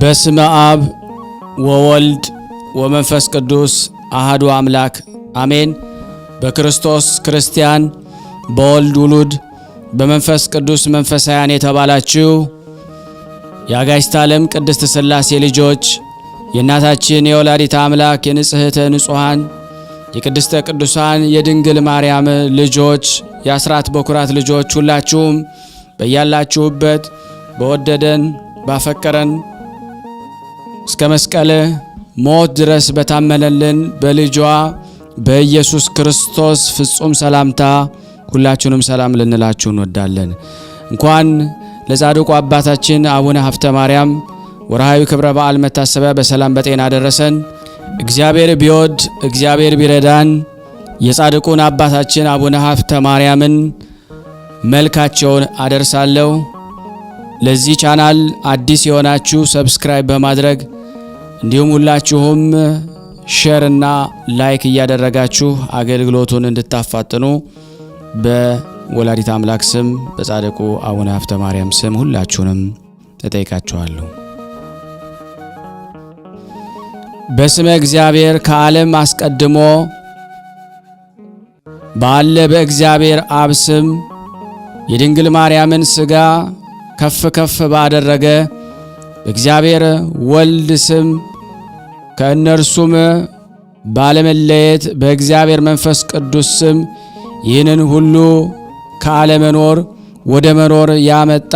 በስመ አብ ወወልድ ወመንፈስ ቅዱስ አህዱ አምላክ አሜን። በክርስቶስ ክርስቲያን በወልድ ውሉድ በመንፈስ ቅዱስ መንፈሳውያን የተባላችሁ የአጋዕዝተ ዓለም ቅድስት ሥላሴ ልጆች የእናታችን የወላዲተ አምላክ የንጽሕተ ንጹሐን የቅድስተ ቅዱሳን የድንግል ማርያም ልጆች የአስራት በኩራት ልጆች ሁላችሁም በያላችሁበት በወደደን ባፈቀረን እስከ መስቀል ሞት ድረስ በታመነልን በልጇ በኢየሱስ ክርስቶስ ፍጹም ሰላምታ ሁላችሁንም ሰላም ልንላችሁ እንወዳለን። እንኳን ለጻድቁ አባታችን አቡነ ሀብተ ማርያም ወርሃዊ ክብረ በዓል መታሰቢያ በሰላም በጤና ደረሰን እግዚአብሔር ቢወድ እግዚአብሔር ቢረዳን የጻድቁን አባታችን አቡነ ሀብተ ማርያምን መልካቸውን አደርሳለሁ። ለዚህ ቻናል አዲስ የሆናችሁ ሰብስክራይብ በማድረግ እንዲሁም ሁላችሁም ሼርና ላይክ እያደረጋችሁ አገልግሎቱን እንድታፋጥኑ በወላዲት አምላክ ስም በጻድቁ አቡነ ሀብተ ማርያም ስም ሁላችሁንም እጠይቃችኋለሁ። በስመ እግዚአብሔር ከዓለም አስቀድሞ ባለ በእግዚአብሔር አብ ስም የድንግል ማርያምን ሥጋ ከፍ ከፍ ባደረገ በእግዚአብሔር ወልድ ስም ከእነርሱም ባለመለየት በእግዚአብሔር መንፈስ ቅዱስ ስም ይህንን ሁሉ ከአለመኖር ወደ መኖር ያመጣ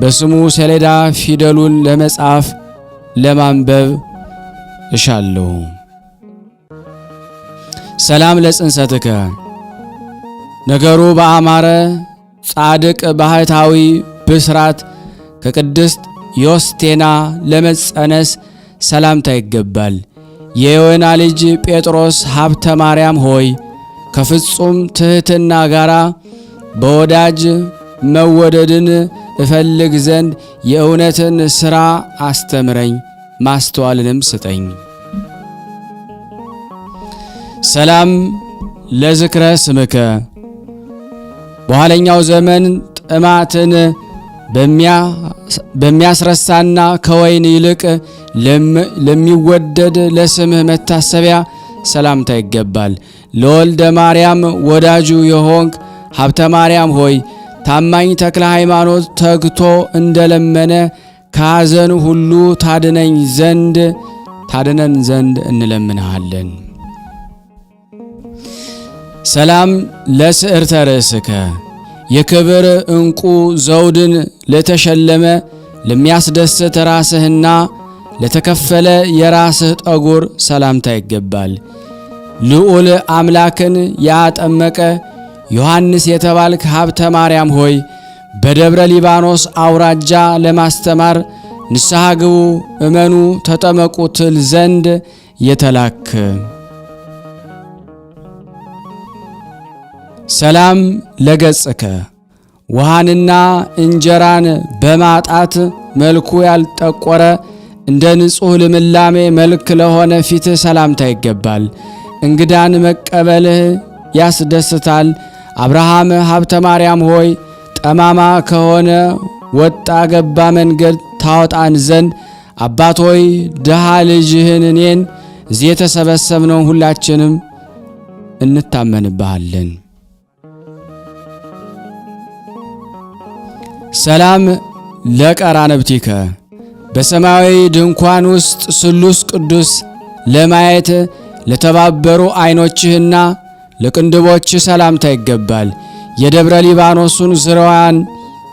በስሙ ሰሌዳ ፊደሉን ለመጻፍ ለማንበብ እሻለሁ። ሰላም ለጽንሰትከ ነገሩ በአማረ ጻድቅ ባህታዊ ብስራት ከቅድስት ዮስቴና ለመጸነስ ሰላምታ ይገባል። የዮና ልጅ ጴጥሮስ ሀብተ ማርያም ሆይ ከፍጹም ትሕትና ጋር በወዳጅ መወደድን እፈልግ ዘንድ የእውነትን ሥራ አስተምረኝ፣ ማስተዋልንም ስጠኝ። ሰላም ለዝክረ ስምከ በኋለኛው ዘመን ጥማትን በሚያስረሳና ከወይን ይልቅ ለሚወደድ ለስምህ መታሰቢያ ሰላምታ ይገባል። ለወልደ ማርያም ወዳጁ የሆንክ ሀብተ ማርያም ሆይ ታማኝ ተክለ ሃይማኖት ተግቶ እንደለመነ ከሐዘኑ ሁሉ ታድነኝ ዘንድ ታድነን ዘንድ እንለምንሃለን። ሰላም ለስዕርተ ርእስከ የክብር ዕንቁ ዘውድን ለተሸለመ ለሚያስደስት ራስህና ለተከፈለ የራስህ ጠጉር ሰላምታ ይገባል። ልዑል አምላክን ያጠመቀ ዮሐንስ የተባልክ ሀብተ ማርያም ሆይ በደብረ ሊባኖስ አውራጃ ለማስተማር ንስሐ ግቡ፣ እመኑ፣ ተጠመቁ ትል ዘንድ የተላክ ሰላም ለገጽከ ውሃንና እንጀራን በማጣት መልኩ ያልጠቆረ እንደ ንጹሕ ልምላሜ መልክ ለሆነ ፊትህ ሰላምታ ይገባል። እንግዳን መቀበልህ ያስደስታል። አብርሃም ሀብተ ማርያም ሆይ ጠማማ ከሆነ ወጣ ገባ መንገድ ታወጣን ዘንድ አባት ሆይ ድሃ ልጅህን እኔን እዚህ የተሰበሰብነውን ሁላችንም እንታመንብሃለን። ሰላም ለቀራንብቲከ በሰማያዊ ድንኳን ውስጥ ስሉስ ቅዱስ ለማየት ለተባበሩ ዐይኖችህና ለቅንድቦችህ ሰላምታ ይገባል። የደብረ ሊባኖሱን ዝርዋን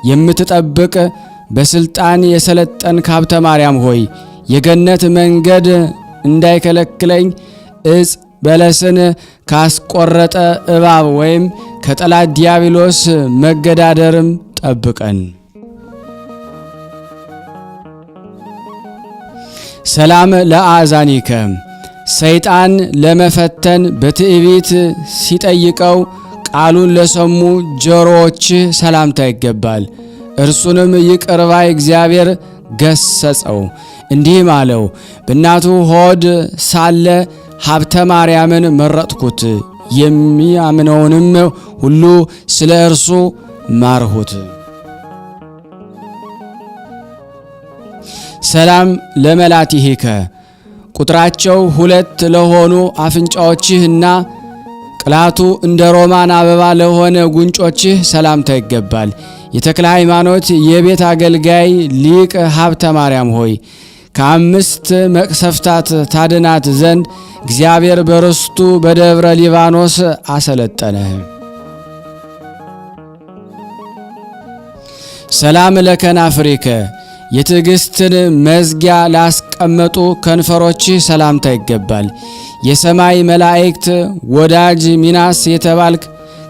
የምትጠብቅ በሥልጣን የሰለጠን ሀብተ ማርያም ሆይ የገነት መንገድ እንዳይከለክለኝ እጽ በለስን ካስቆረጠ እባብ ወይም ከጠላት ዲያብሎስ መገዳደርም ጠብቀን። ሰላም ለአዛኒከ ሰይጣን ለመፈተን በትዕቢት ሲጠይቀው ቃሉን ለሰሙ ጆሮዎችህ ሰላምታ ይገባል። እርሱንም ይቅርባ እግዚአብሔር ገሰጸው፣ እንዲህም አለው፦ በእናቱ ሆድ ሳለ ሀብተ ማርያምን መረጥኩት፣ የሚያምነውንም ሁሉ ስለ እርሱ ማርሁት። ሰላም ለመላቲሂከ ቁጥራቸው ሁለት ለሆኑ አፍንጫዎችህና ቅላቱ እንደ ሮማን አበባ ለሆነ ጉንጮችህ ሰላምታ ይገባል። የተክለ ሃይማኖት የቤት አገልጋይ ሊቅ ሀብተ ማርያም ሆይ ከአምስት መቅሰፍታት ታድናት ዘንድ እግዚአብሔር በርስቱ በደብረ ሊባኖስ አሰለጠነህ። ሰላም ለከናፍሪከ የትዕግስትን መዝጊያ ላስቀመጡ ከንፈሮችህ ሰላምታ ይገባል። የሰማይ መላእክት ወዳጅ ሚናስ የተባልክ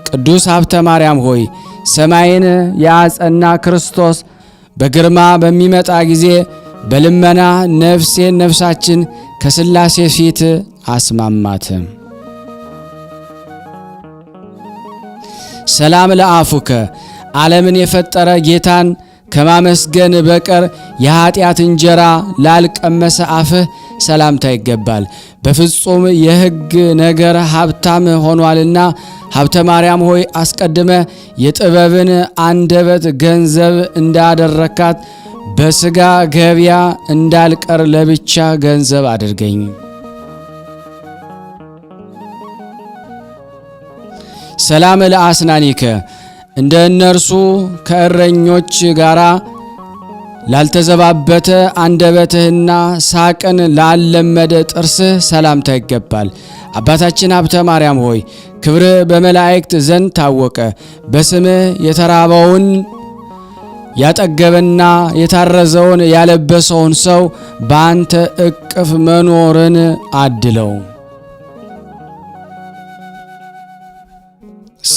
ቅዱስ ሀብተ ማርያም ሆይ ሰማይን የአጸና ክርስቶስ በግርማ በሚመጣ ጊዜ በልመና ነፍሴን ነፍሳችን ከሥላሴ ፊት አስማማት። ሰላም ለአፉከ ዓለምን የፈጠረ ጌታን ከማመስገን በቀር የኀጢአት እንጀራ ላልቀመሰ አፍህ ሰላምታ ይገባል። በፍጹም የሕግ ነገር ሀብታም ሆኗልና ሀብተ ማርያም ሆይ አስቀድመ የጥበብን አንደበት ገንዘብ እንዳደረካት በሥጋ ገቢያ እንዳልቀር ለብቻ ገንዘብ አድርገኝ። ሰላም ለአስናኒከ እንደ እነርሱ ከእረኞች ጋር ላልተዘባበተ አንደበትህና ሳቅን ላለመደ ጥርስህ ሰላምታ ይገባል። አባታችን ሀብተ ማርያም ሆይ ክብርህ በመላእክት ዘንድ ታወቀ። በስምህ የተራበውን ያጠገበና የታረዘውን ያለበሰውን ሰው በአንተ እቅፍ መኖርን አድለው።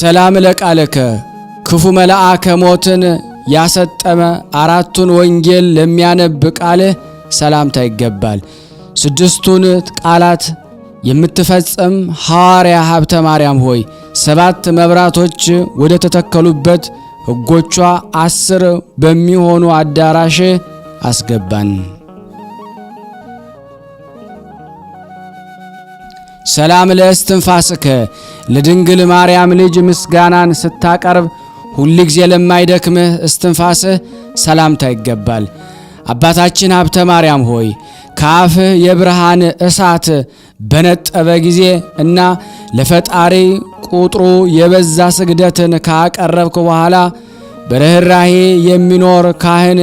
ሰላም ለቃለከ ክፉ መልአከ ሞትን ያሰጠመ አራቱን ወንጌል ለሚያነብ ቃልህ ሰላምታ ይገባል። ስድስቱን ቃላት የምትፈጽም ሐዋርያ ሀብተ ማርያም ሆይ ሰባት መብራቶች ወደ ተተከሉበት ሕጎቿ አስር በሚሆኑ አዳራሽ አስገባን። ሰላም ለእስትንፋስከ ለድንግል ማርያም ልጅ ምስጋናን ስታቀርብ ሁል ጊዜ ለማይደክምህ እስትንፋስህ ሰላምታ ይገባል። አባታችን ሀብተ ማርያም ሆይ ከአፍህ የብርሃን እሳት በነጠበ ጊዜ እና ለፈጣሪ ቁጥሩ የበዛ ስግደትን ካቀረብክ በኋላ በርኅራሄ የሚኖር ካህን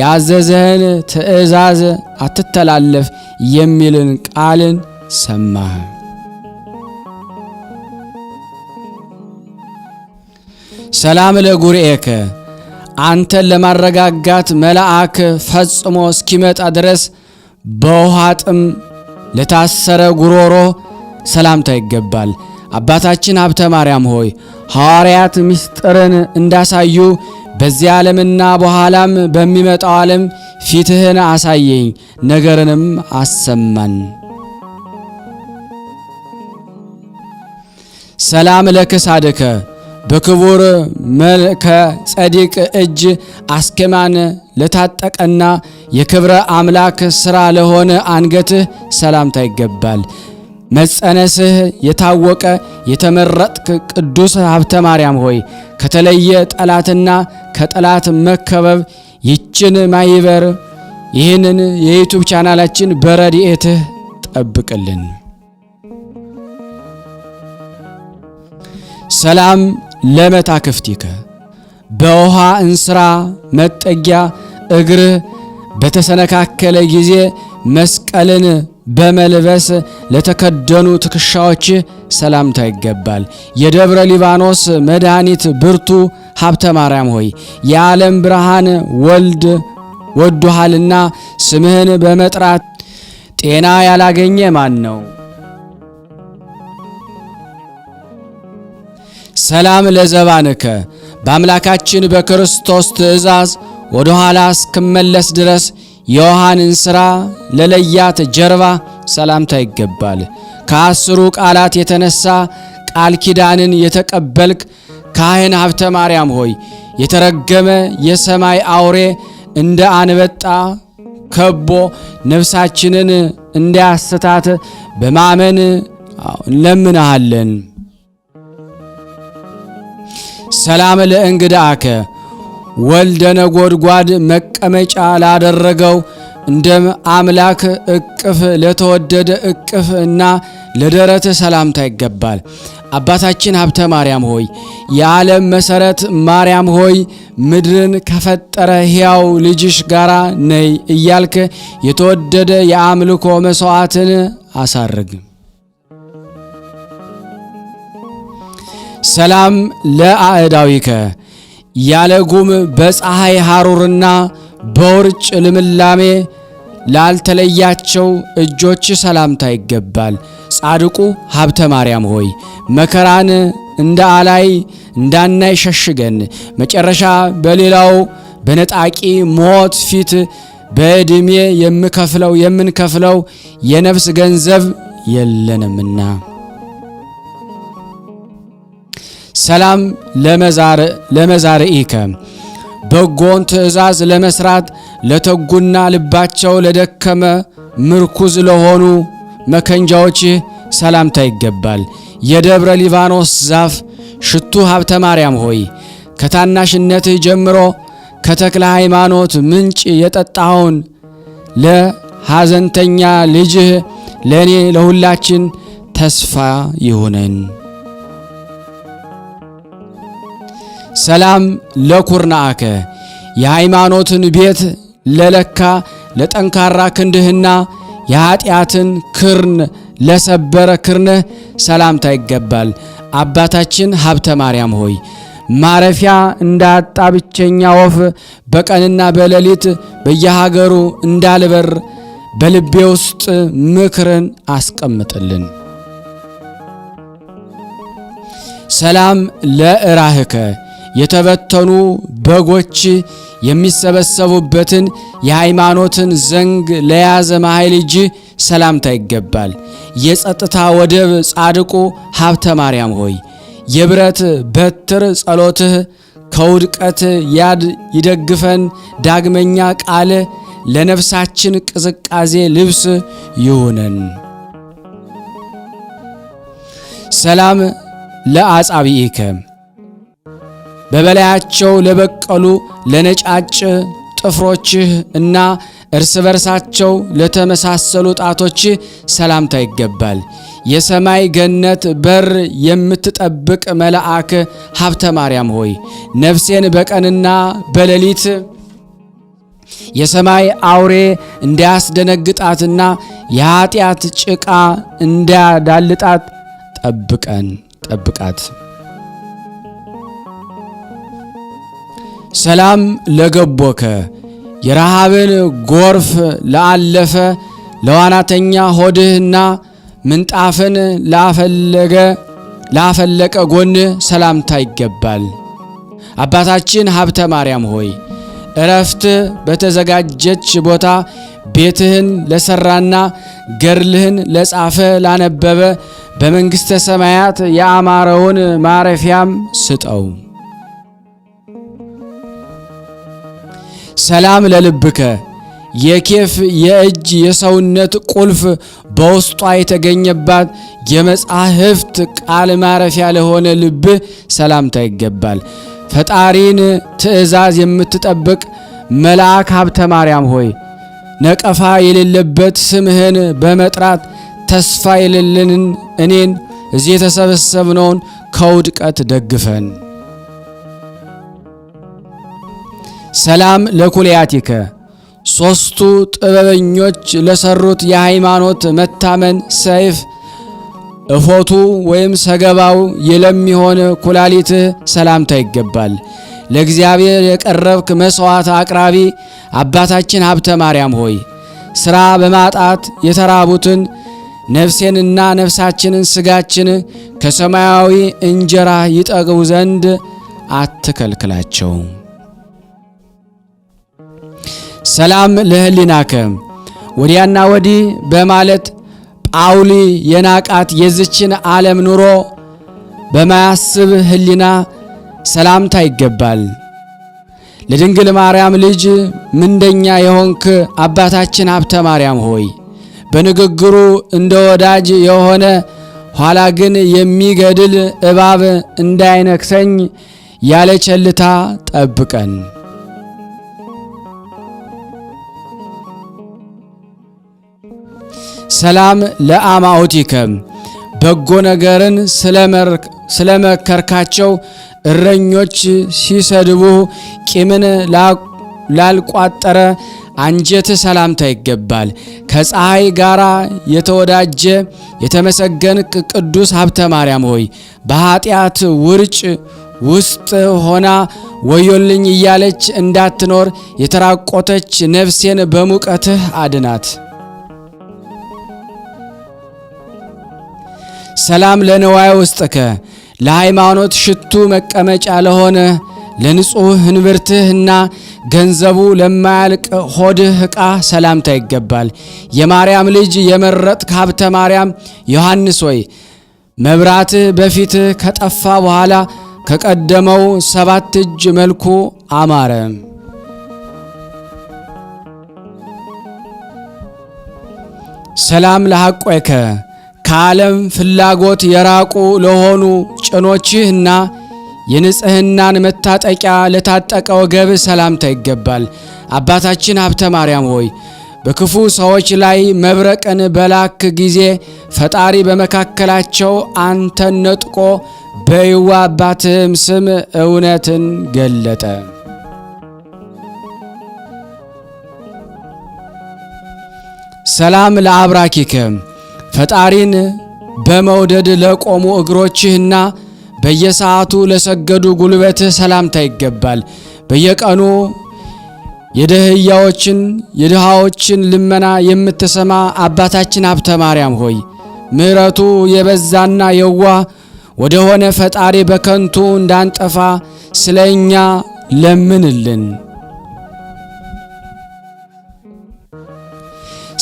ያዘዘህን ትእዛዝ አትተላለፍ የሚልን ቃልን ሰማህ። ሰላም ለጉርኤከ አንተን ለማረጋጋት መልአክ ፈጽሞ እስኪመጣ ድረስ በውሃ ጥም ለታሰረ ጉሮሮ ሰላምታ ይገባል። አባታችን ሀብተ ማርያም ሆይ ሐዋርያት ምስጢርን እንዳሳዩ በዚህ ዓለምና በኋላም በሚመጣው ዓለም ፊትህን አሳየኝ፣ ነገርንም አሰማን። ሰላም ለክሳድከ በክቡር መልከ ጸዲቅ እጅ አስኬማን ለታጠቀና የክብረ አምላክ ሥራ ለሆነ አንገትህ ሰላምታ ይገባል። መጸነስህ የታወቀ የተመረጥክ ቅዱስ ሀብተ ማርያም ሆይ ከተለየ ጠላትና ከጠላት መከበብ ይችን ማይበር ይህንን የዩቱብ ቻናላችን በረድኤትህ ጠብቅልን። ሰላም ለመታክፍቲከ በውሃ እንስራ መጠጊያ እግርህ በተሰነካከለ ጊዜ መስቀልን በመልበስ ለተከደኑ ትከሻዎች ሰላምታ ይገባል። የደብረ ሊባኖስ መድኃኒት ብርቱ ሀብተ ማርያም ሆይ የዓለም ብርሃን ወልድ ወዶሃልና ስምህን በመጥራት ጤና ያላገኘ ማን ነው? ሰላም ለዘባንከ በአምላካችን በክርስቶስ ትእዛዝ ወደ ኋላ እስክመለስ ድረስ የውሃንን ሥራ ለለያት ጀርባ ሰላምታ ይገባል። ከአስሩ ቃላት የተነሳ ቃል ኪዳንን የተቀበልክ ካህን ሀብተ ማርያም ሆይ የተረገመ የሰማይ አውሬ እንደ አንበጣ ከቦ ነፍሳችንን እንዳያስታት በማመን እንለምንሃለን። ሰላም ለእንግዳከ ወልደ ነጎድጓድ መቀመጫ ላደረገው እንደ አምላክ እቅፍ ለተወደደ እቅፍ እና ለደረት ሰላምታ ይገባል። አባታችን ሀብተ ማርያም ሆይ የዓለም መሰረት ማርያም ሆይ ምድርን ከፈጠረ ሕያው ልጅሽ ጋራ ነይ እያልክ የተወደደ የአምልኮ መሥዋዕትን አሳርግ። ሰላም ለአእዳዊከ ያለ ጉም በፀሐይ ሐሩርና በውርጭ ልምላሜ ላልተለያቸው እጆች ሰላምታ ይገባል። ጻድቁ ሀብተ ማርያም ሆይ መከራን እንደ አላይ እንዳናይ ሸሽገን መጨረሻ በሌላው በነጣቂ ሞት ፊት በዕድሜ የምከፍለው የምንከፍለው የነፍስ ገንዘብ የለንምና ሰላም ለመዛርኢከ በጎን ትእዛዝ ለመስራት ለተጉና ልባቸው ለደከመ ምርኩዝ ለሆኑ መከንጃዎችህ ሰላምታ ይገባል። የደብረ ሊባኖስ ዛፍ ሽቱ ሀብተ ማርያም ሆይ ከታናሽነትህ ጀምሮ ከተክለ ሃይማኖት ምንጭ የጠጣኸውን ለሐዘንተኛ ልጅህ ለእኔ ለሁላችን ተስፋ ይሁነን። ሰላም ለኩርናአከ የሃይማኖትን ቤት ለለካ ለጠንካራ ክንድህና የኀጢአትን ክርን ለሰበረ ክርንህ ሰላምታ ይገባል። አባታችን ሀብተ ማርያም ሆይ ማረፊያ እንዳጣ ብቸኛ ወፍ በቀንና በሌሊት በየሀገሩ እንዳልበር በልቤ ውስጥ ምክርን አስቀምጥልን። ሰላም ለእራህከ የተበተኑ በጎች የሚሰበሰቡበትን የሃይማኖትን ዘንግ ለያዘ ማኃይል እጅ ሰላምታ ይገባል። የጸጥታ ወደብ ጻድቁ ሀብተ ማርያም ሆይ የብረት በትር ጸሎትህ ከውድቀት ያድ ይደግፈን። ዳግመኛ ቃል ለነፍሳችን ቅዝቃዜ ልብስ ይሁነን። ሰላም ለአጻብኢከ በበላያቸው ለበቀሉ ለነጫጭ ጥፍሮችህ እና እርስ በርሳቸው ለተመሳሰሉ ጣቶችህ ሰላምታ ይገባል። የሰማይ ገነት በር የምትጠብቅ መልአክ ሀብተ ማርያም ሆይ ነፍሴን በቀንና በሌሊት የሰማይ አውሬ እንዳያስደነግጣትና የኃጢአት ጭቃ እንዳያዳልጣት ጠብቀን ጠብቃት። ሰላም ለገቦከ የረሃብን ጎርፍ ለአለፈ ለዋናተኛ ሆድህና ምንጣፍን ላፈለገ ላፈለቀ ጎን ሰላምታ ይገባል። አባታችን ሀብተ ማርያም ሆይ እረፍት በተዘጋጀች ቦታ ቤትህን ለሰራና ገርልህን ለጻፈ ላነበበ በመንግሥተ ሰማያት የአማረውን ማረፊያም ስጠው። ሰላም ለልብከ የኬፍ የእጅ የሰውነት ቁልፍ በውስጧ የተገኘባት የመጻሕፍት ቃል ማረፊያ ለሆነ ልብ ሰላምታ ይገባል። ፈጣሪን ትእዛዝ የምትጠብቅ መልአክ ሀብተ ማርያም ሆይ ነቀፋ የሌለበት ስምህን በመጥራት ተስፋ የሌለንን እኔን እዚህ የተሰበሰብነውን ከውድቀት ደግፈን ሰላም ለኩልያቲከ ሶስቱ ጥበበኞች ለሰሩት የሃይማኖት መታመን ሰይፍ እፎቱ ወይም ሰገባው የለሚሆን ኩላሊትህ ሰላምታ ይገባል። ለእግዚአብሔር የቀረብክ መሥዋዕት አቅራቢ አባታችን ሀብተ ማርያም ሆይ ሥራ በማጣት የተራቡትን ነፍሴንና ነፍሳችንን ሥጋችን ከሰማያዊ እንጀራ ይጠግቡ ዘንድ አትከልክላቸው። ሰላም ለህሊናከም ወዲያና ወዲህ በማለት ጳውሊ የናቃት የዝችን ዓለም ኑሮ በማያስብ ህሊና ሰላምታ ይገባል። ለድንግል ማርያም ልጅ ምንደኛ የሆንክ አባታችን ሀብተ ማርያም ሆይ በንግግሩ እንደ ወዳጅ የሆነ ኋላ ግን የሚገድል እባብ እንዳይነክሰኝ ያለ ቸልታ ጠብቀን። ሰላም ለአማኦቲከ በጎ ነገርን ስለመከርካቸው እረኞች ሲሰድቡ ቂምን ላልቋጠረ አንጀት ሰላምታ ይገባል። ከፀሐይ ጋር የተወዳጀ የተመሰገንክ ቅዱስ ሀብተ ማርያም ሆይ በኃጢአት ውርጭ ውስጥ ሆና ወዮልኝ እያለች እንዳትኖር የተራቆተች ነፍሴን በሙቀትህ አድናት። ሰላም ለንዋየ ውስጥከ ለሃይማኖት ሽቱ መቀመጫ ለሆነ ለንጹሕ እንብርትህና ገንዘቡ ለማያልቅ ሆድህ ዕቃ ሰላምታ ይገባል። የማርያም ልጅ የመረጥክ ሀብተ ማርያም ዮሐንስ ሆይ መብራትህ በፊትህ ከጠፋ በኋላ ከቀደመው ሰባት እጅ መልኩ አማረ። ሰላም ለሐቆይከ ከዓለም ፍላጎት የራቁ ለሆኑ ጭኖችህና የንጽህናን መታጠቂያ ለታጠቀ ወገብ ሰላምታ ይገባል። አባታችን ሀብተ ማርያም ሆይ በክፉ ሰዎች ላይ መብረቅን በላክ ጊዜ ፈጣሪ በመካከላቸው አንተን ነጥቆ በይዋ አባትህም ስም እውነትን ገለጠ። ሰላም ለአብራኪከም ፈጣሪን በመውደድ ለቆሙ እግሮችህና በየሰዓቱ ለሰገዱ ጉልበትህ ሰላምታ ይገባል። በየቀኑ የደህያዎችን የድሃዎችን ልመና የምትሰማ አባታችን ሀብተ ማርያም ሆይ ምሕረቱ የበዛና የዋ ወደ ሆነ ፈጣሪ በከንቱ እንዳንጠፋ ስለ እኛ ለምንልን።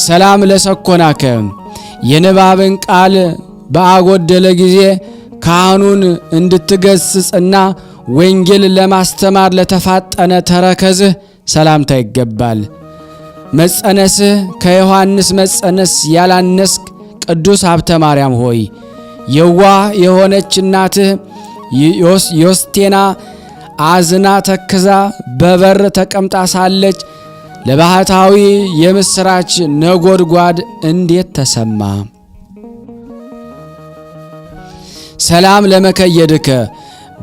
ሰላም ለሰኮናከ የንባብን ቃል በአጎደለ ጊዜ ካህኑን እንድትገስጽና ወንጌል ለማስተማር ለተፋጠነ ተረከዝህ ሰላምታ ይገባል። መጸነስህ ከዮሐንስ መጸነስ ያላነስክ ቅዱስ ሀብተ ማርያም ሆይ የዋህ የሆነች እናትህ ዮስቴና አዝና ተክዛ በበር ተቀምጣ ሳለች ለባህታዊ የምስራች ነጎድጓድ እንዴት ተሰማ? ሰላም ለመከየድከ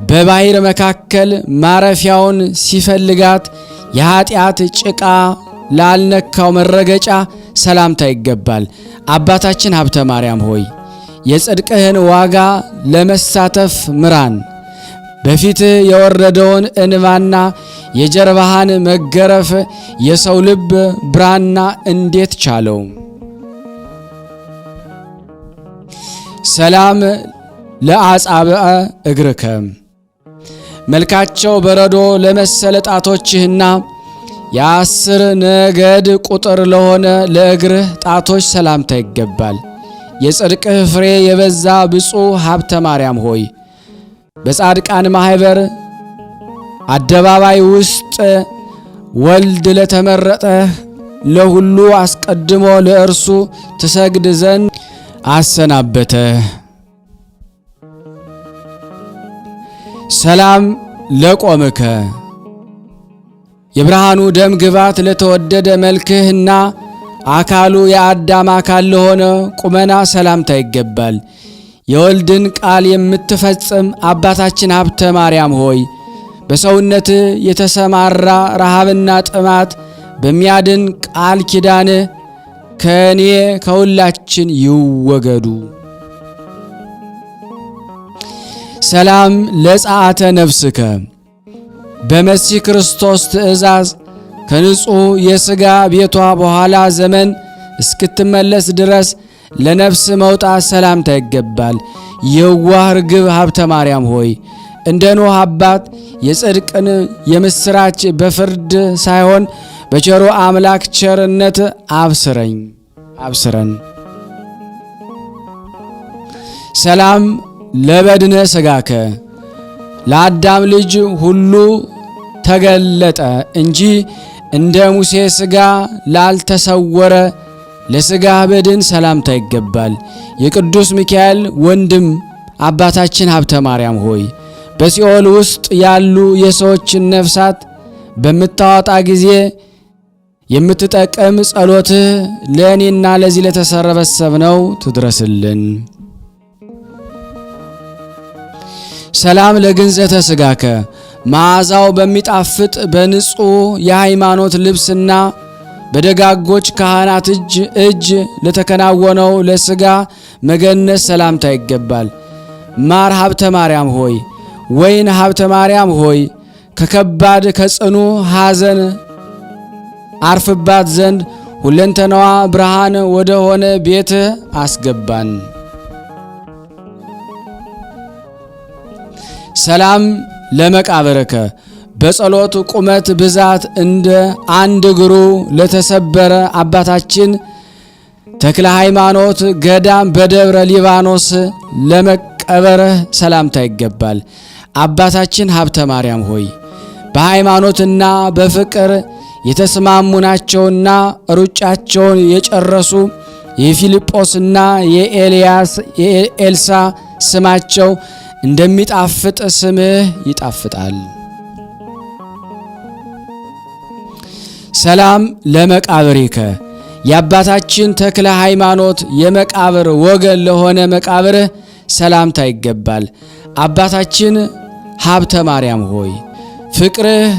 በባህር መካከል ማረፊያውን ሲፈልጋት የኃጢአት ጭቃ ላልነካው መረገጫ ሰላምታ ይገባል። አባታችን ሀብተ ማርያም ሆይ የጽድቅህን ዋጋ ለመሳተፍ ምራን። በፊትህ የወረደውን እንባና የጀርባህን መገረፍ የሰው ልብ ብራና እንዴት ቻለው? ሰላም ለአጻብአ እግርከ መልካቸው በረዶ ለመሰለ ጣቶችህና የአስር ነገድ ቁጥር ለሆነ ለእግርህ ጣቶች ሰላምታ ይገባል። የጽድቅህ ፍሬ የበዛ ብፁዕ ሀብተ ማርያም ሆይ በጻድቃን ማህበር አደባባይ ውስጥ ወልድ ለተመረጠ ለሁሉ አስቀድሞ ለእርሱ ትሰግድ ዘንድ አሰናበተ። ሰላም ለቆምከ የብርሃኑ ደም ግባት ለተወደደ መልክህና አካሉ የአዳም አካል ለሆነ ቁመና ሰላምታ ይገባል። የወልድን ቃል የምትፈጽም አባታችን ሀብተ ማርያም ሆይ በሰውነት የተሰማራ ረሃብና ጥማት በሚያድን ቃል ኪዳንህ ከእኔ ከሁላችን ይወገዱ። ሰላም ለጸአተ ነፍስከ በመሲህ ክርስቶስ ትእዛዝ ከንጹሕ የሥጋ ቤቷ በኋላ ዘመን እስክትመለስ ድረስ ለነፍስ መውጣት ሰላምታ ይገባል። የዋህ ርግብ ሀብተ ማርያም ሆይ እንደ ኖህ አባት የጽድቅን የምስራች በፍርድ ሳይሆን በቸሮ አምላክ ቸርነት አብስረኝ አብስረን። ሰላም ለበድነ ሰጋከ! ለአዳም ልጅ ሁሉ ተገለጠ እንጂ እንደ ሙሴ ስጋ ላልተሰወረ ለሥጋ በድን ሰላምታ ይገባል። የቅዱስ ሚካኤል ወንድም አባታችን ሀብተ ማርያም ሆይ በሲኦል ውስጥ ያሉ የሰዎችን ነፍሳት በምታወጣ ጊዜ የምትጠቅም ጸሎትህ ለእኔና ለዚህ ለተሰበሰብነው ትድረስልን። ሰላም ለግንዘተ ሥጋከ መዓዛው በሚጣፍጥ በንጹሕ የሃይማኖት ልብስና በደጋጎች ካህናት እጅ እጅ ለተከናወነው ለስጋ መገነስ ሰላምታ ይገባል። ማር ሀብተ ማርያም ሆይ፣ ወይን ሀብተ ማርያም ሆይ ከከባድ ከጽኑ ሐዘን አርፍባት ዘንድ ሁለንተናዋ ብርሃን ወደ ሆነ ቤት አስገባን። ሰላም ለመቃብርከ በጸሎት ቁመት ብዛት እንደ አንድ እግሩ ለተሰበረ አባታችን ተክለ ሃይማኖት ገዳም በደብረ ሊባኖስ ለመቀበርህ ሰላምታ ይገባል። አባታችን ሀብተ ማርያም ሆይ በሃይማኖትና በፍቅር የተስማሙ ናቸውና ሩጫቸውን የጨረሱ የፊልጶስና የኤልያስ የኤልሳ ስማቸው እንደሚጣፍጥ ስምህ ይጣፍጣል። ሰላም ለመቃብሪከ የአባታችን ተክለ ሃይማኖት የመቃብር ወገን ለሆነ መቃብርህ ሰላምታ ይገባል። አባታችን ሀብተ ማርያም ሆይ ፍቅርህ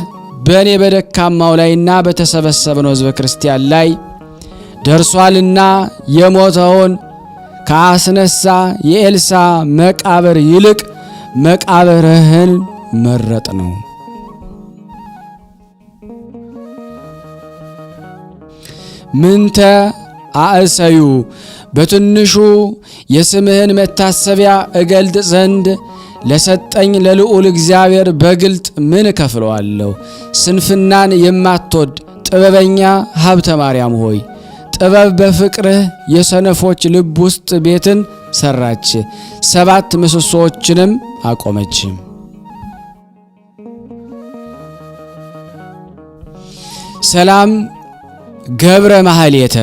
በእኔ በደካማው ላይና በተሰበሰብነው ሕዝበ ክርስቲያን ላይ ደርሷልና የሞተውን ከአስነሳ የኤልሳ መቃብር ይልቅ መቃብርህን መረጥ ነው። ምንተ አእሰዩ በትንሹ የስምህን መታሰቢያ እገልጥ ዘንድ ለሰጠኝ ለልዑል እግዚአብሔር በግልጥ ምን እከፍለዋለሁ? ስንፍናን የማትወድ ጥበበኛ ሀብተ ማርያም ሆይ ጥበብ በፍቅርህ የሰነፎች ልብ ውስጥ ቤትን ሰራች፣ ሰባት ምሰሶዎችንም አቆመች። ሰላም ገብረ ማህሌተ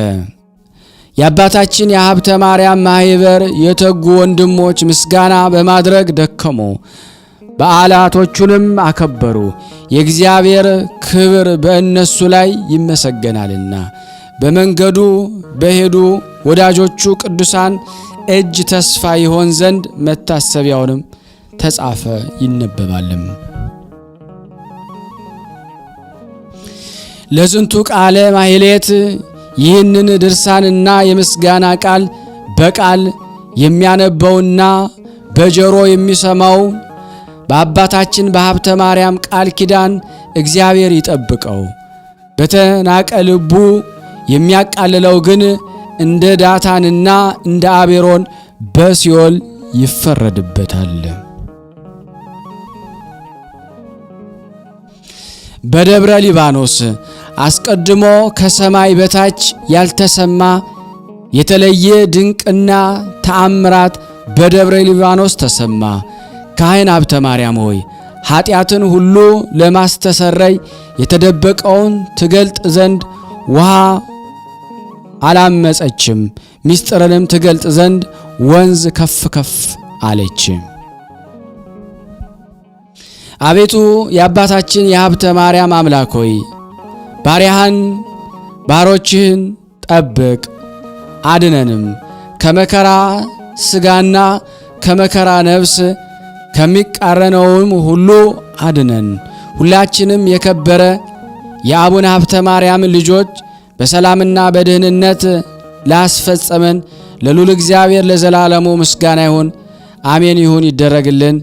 የአባታችን የሀብተ ማርያም ማህበር የተጉ ወንድሞች ምስጋና በማድረግ ደከሙ፣ በዓላቶቹንም አከበሩ። የእግዚአብሔር ክብር በእነሱ ላይ ይመሰገናልና በመንገዱ በሄዱ ወዳጆቹ ቅዱሳን እጅ ተስፋ ይሆን ዘንድ መታሰቢያውንም ተጻፈ ይነበባልም። ለጽንቱ ቃለ ማህሌት ይህንን ድርሳንና የምስጋና ቃል በቃል የሚያነበውና በጆሮ የሚሰማው በአባታችን በሀብተ ማርያም ቃል ኪዳን እግዚአብሔር ይጠብቀው። በተናቀ ልቡ የሚያቃልለው ግን እንደ ዳታንና እንደ አቤሮን በሲኦል ይፈረድበታል። በደብረ ሊባኖስ አስቀድሞ ከሰማይ በታች ያልተሰማ የተለየ ድንቅና ተአምራት በደብረ ሊባኖስ ተሰማ። ካህን ሀብተ ማርያም ሆይ ኀጢአትን ሁሉ ለማስተሰረይ የተደበቀውን ትገልጥ ዘንድ ውሃ አላመፀችም፣ ምስጢርንም ትገልጥ ዘንድ ወንዝ ከፍ ከፍ አለች። አቤቱ የአባታችን የሀብተ ማርያም አምላክ ሆይ ባሪያህን ባሮችህን ጠብቅ አድነንም ከመከራ ሥጋና ከመከራ ነፍስ ከሚቃረነውም ሁሉ አድነን። ሁላችንም የከበረ የአቡነ ሀብተ ማርያም ልጆች በሰላምና በድህንነት ላስፈጸመን ለሉል እግዚአብሔር ለዘላለሙ ምስጋና ይሁን፣ አሜን። ይሁን ይደረግልን።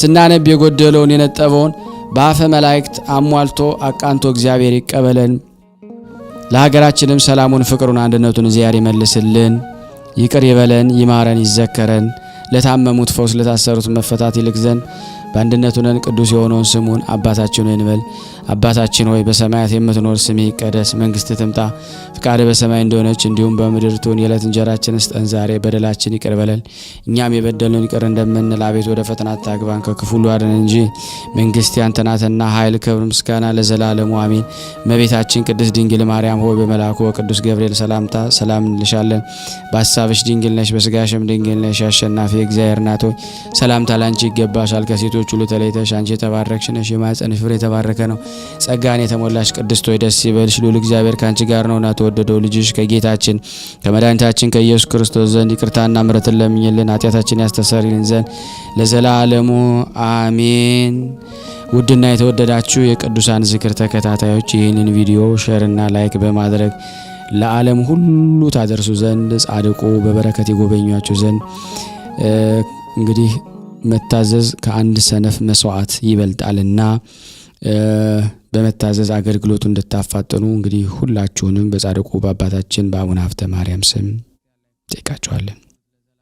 ስናነብ የጎደለውን የነጠበውን በአፈ መላእክት አሟልቶ አቃንቶ እግዚአብሔር ይቀበለን። ለሀገራችንም ሰላሙን፣ ፍቅሩን፣ አንድነቱን እዚያር ይመልስልን፣ ይቅር ይበለን፣ ይማረን፣ ይዘከረን። ለታመሙት ፈውስ፣ ለታሰሩት መፈታት ይልክ ዘንድ በአንድነት ሆነን ቅዱስ የሆነውን ስሙን አባታችን እንበል። አባታችን ሆይ በሰማያት የምትኖር ስምህ ይቀደስ፣ መንግስት ትምጣ፣ ፍቃድህ በሰማይ እንደሆነች እንዲሁም በምድር ትሁን። የዕለት እንጀራችን ስጠን ዛሬ፣ በደላችን ይቅር በለን እኛም የበደሉን ይቅር እንደምንል፣ አቤት ወደ ፈተና አታግባን ከክፉ ሁሉ አድነን እንጂ መንግስት ያንተ ናትና ኃይል፣ ክብር፣ ምስጋና ለዘላለሙ አሜን። እመቤታችን ቅድስት ድንግል ማርያም ሆይ በመልአኩ በቅዱስ ገብርኤል ሰላምታ ሰላም እንልሻለን። በሀሳብሽ ድንግል ነሽ፣ በስጋሽም ድንግል ነሽ። አሸናፊ እግዚአብሔር ናት ሆይ ሰላምታ ላንቺ ይገባሻል። ከሴቶች ሁሉ ተለይተሽ አንቺ የተባረክሽ ነሽ፣ የማኅፀንሽ ፍሬ የተባረከ ነው። ጸጋን የተሞላሽ ቅድስት ሆይ ደስ ይበልሽ፣ ልዑል እግዚአብሔር ካንቺ ጋር ነውና ተወደደው ልጅሽ ከጌታችን ከመድኃኒታችን ከኢየሱስ ክርስቶስ ዘንድ ይቅርታና ምሕረትን ለምኝልን ኃጢአታችን ያስተሰርይልን ዘንድ ለዘላለሙ አሜን። ውድና የተወደዳችሁ የቅዱሳን ዝክር ተከታታዮች ይህንን ቪዲዮ ሼርና ላይክ በማድረግ ለዓለም ሁሉ ታደርሱ ዘንድ ጻድቁ በበረከት የጎበኟችሁ ዘንድ እንግዲህ መታዘዝ ከአንድ ሰነፍ መስዋዕት ይበልጣልና በመታዘዝ አገልግሎቱ እንድታፋጥኑ እንግዲህ ሁላችሁንም በጻድቁ በአባታችን በአቡነ ሀብተ ማርያም ስም ጠይቃችኋለን።